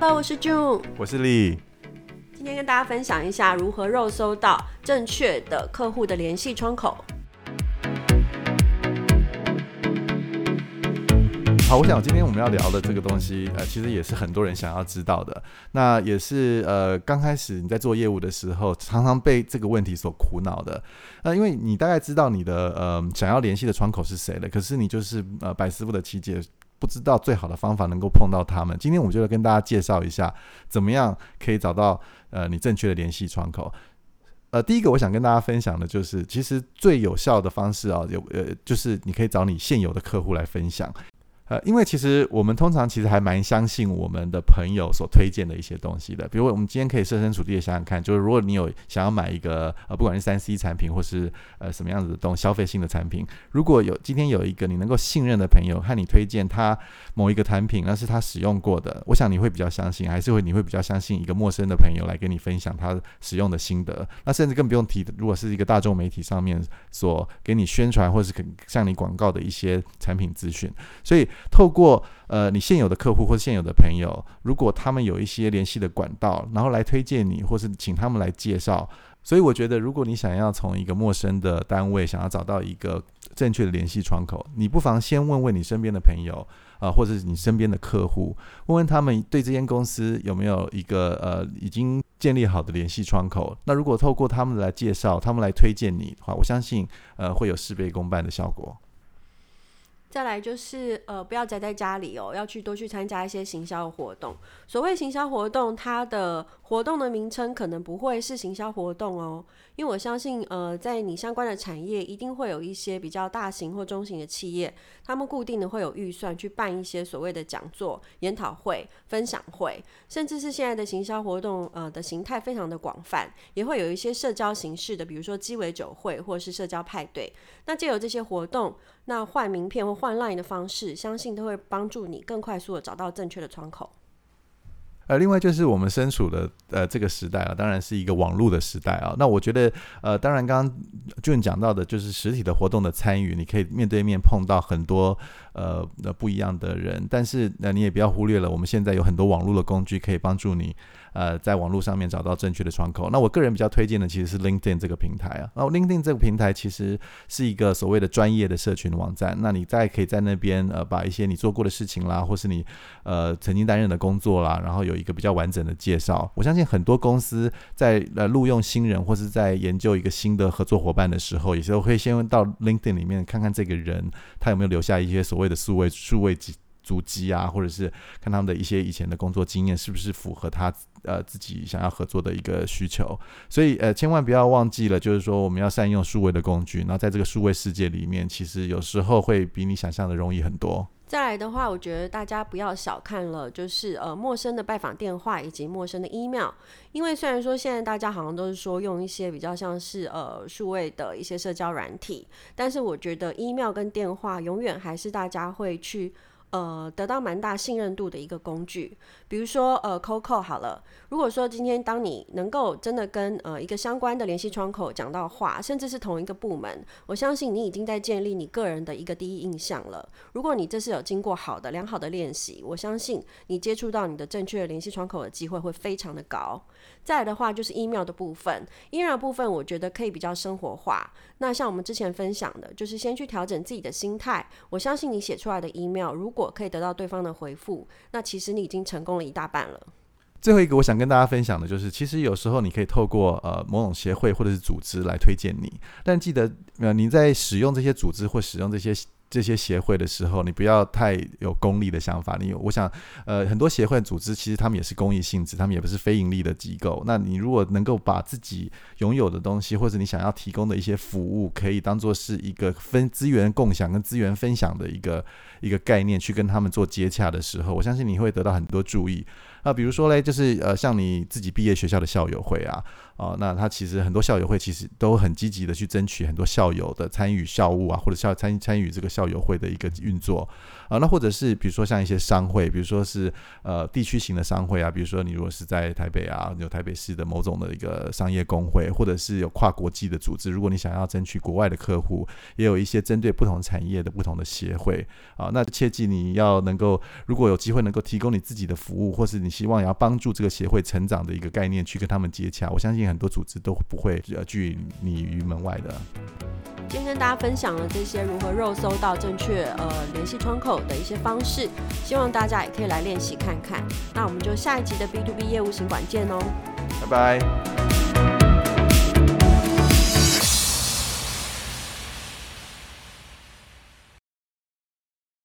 Hello, 我是 June，我是 Lee。今天跟大家分享一下如何肉搜到正確的客戶的聯繫窗口。好，我想今天我們要聊的這個東西，呃，其實也是很多人想要知道的。那也是呃，剛開始你在做業務的時候，常常被這個問題所苦惱的。呃，因為你大概知道你的呃想要聯繫的窗口是誰了，可是你就是呃百思不得其解。白師傅的不知道最好的方法能夠碰到他們。今天我就來跟大家介紹一下，怎麼樣可以找到呃你正確的聯繫窗口。呃，第一個我想跟大家分享的就是，其實最有效的方式啊、哦，有呃就是你可以找你現有的客戶來分享。呃，因為其實我們通常其實還蠻相信我們的朋友所推薦的一些東西的。比如，我們今天可以設身處地的想想看，就是如果你有想要買一個呃，不管是三 C 產品或是呃什麼樣子的東西，消費性的產品，如果有今天有一個你能夠信任的朋友和你推薦他某一個產品，那是他使用過的，我想你會比較相信，還是會你會比較相信一個陌生的朋友來跟你分享他使用的心得？那甚至更不用提，如果是一個大眾媒體上面所給你宣傳或是向你廣告的一些產品資訊，所以。透過呃，你現有的客戶或者現有的朋友，如果他們有一些聯繫的管道，然後來推薦你，或是請他們來介紹。所以我覺得，如果你想要從一個陌生的單位想要找到一個正確的聯繫窗口，你不妨先問問你身邊的朋友啊、呃，或者是你身邊的客戶，問問他們對這間公司有沒有一個呃已經建立好的聯繫窗口。那如果透過他們來介紹，他們來推薦你的話，我相信呃會有事半功倍的效果。再來就是呃，不要宅在家裡哦，要去多去參加一些行銷活動。所謂行銷活動，它的活動的名稱可能不會是行銷活動哦，因為我相信呃，在你相關的產業，一定會有一些比較大型或中型的企業，他們固定的會有預算去辦一些所謂的講座、研討會、分享會，甚至是現在的行銷活動呃的形態非常的廣泛，也會有一些社交形式的，比如說雞尾酒會或者是社交派對。那借由這些活動，那換名片或換 Line 的方式，相信都會幫助你更快速的找到正確的窗口。呃，另外就是我們身處的呃這個時代啊，當然是一個網絡的時代啊。那我覺得呃，當然剛剛俊講到的，就是實體的活動的參與，你可以面對面碰到很多呃，呃不一樣的人。但是那、呃、你也不要忽略了，我們現在有很多網絡的工具可以幫助你呃在網絡上面找到正確的窗口。那我個人比較推薦的其實是 LinkedIn 這個平台啊。那 LinkedIn 這個平台其實是一個所謂的專業的社群網站。那你再可以在那邊呃把一些你做過的事情啦，或是你呃曾經擔任的工作啦，然後有一一個比較完整的介紹，我相信很多公司在呃錄用新人或是在研究一個新的合作夥伴的時候，有時候會先到 LinkedIn 裡面看看這個人他有沒有留下一些所謂的數位數位足跡啊，或者是看他們的一些以前的工作經驗是不是符合他呃自己想要合作的一個需求。所以呃，千萬不要忘記了，就是說我們要善用數位的工具，然後在這個數位世界裡面，其實有時候會比你想象的容易很多。再來的話，我覺得大家不要小看了，就是呃陌生的拜訪電話以及陌生的 email，因為雖然說現在大家好像都是說用一些比較像是呃數位的一些社交軟體，但是我覺得 email 跟電話永遠還是大家會去。呃，得到蠻大信任度的一個工具，比如說呃，COCO 好了。如果說今天當你能夠真的跟呃一個相關的聯繫窗口講到話，甚至是同一個部門，我相信你已經在建立你個人的一個第一印象了。如果你這是有經過好的良好的練習，我相信你接觸到你的正確的聯繫窗口的機會會非常的高。再來的話就是 email 的部分，email 部分我覺得可以比較生活化。那像我們之前分享的，就是先去調整自己的心態。我相信你寫出來的 email 如果我可以得到對方的回復，那其實你已經成功了一大半了。最後一個，我想跟大家分享的就是，其實有時候你可以透過呃某種協會或者是組織來推薦你，但記得呃你在使用這些組織或使用這些。這些協會的時候，你不要太有功利的想法。你，我想，呃，很多協會組織其實他們也是公益性質，他們也不是非盈利的機構。那你如果能夠把自己擁有的東西，或者你想要提供的一些服務，可以當做是一個分資源共享跟資源分享的一個一個概念，去跟他們做接洽的時候，我相信你會得到很多注意。那比如說嘞，就是呃，像你自己畢業學校的校友會啊。啊、哦，那他其實很多校友會其實都很積極的去爭取很多校友的參與校務啊，或者校參參與這個校友會的一個運作啊、哦，那或者是比如說像一些商會，比如說是呃地區型的商會啊，比如說你如果是在台北啊，有台北市的某種的一個商業工會，或者是有跨國際的組織，如果你想要爭取國外的客戶，也有一些針對不同產業的不同的協會啊、哦，那切記你要能夠如果有機會能夠提供你自己的服務，或是你希望也要幫助這個協會成長的一個概念去跟他們接洽，我相信。很多組織都不會拒你於門外的。今天跟大家分享了這些如何肉搜到正確呃聯繫窗口的一些方式，希望大家也可以來練習看看。那我們就下一集的 B to B 業務型管見囉，拜拜。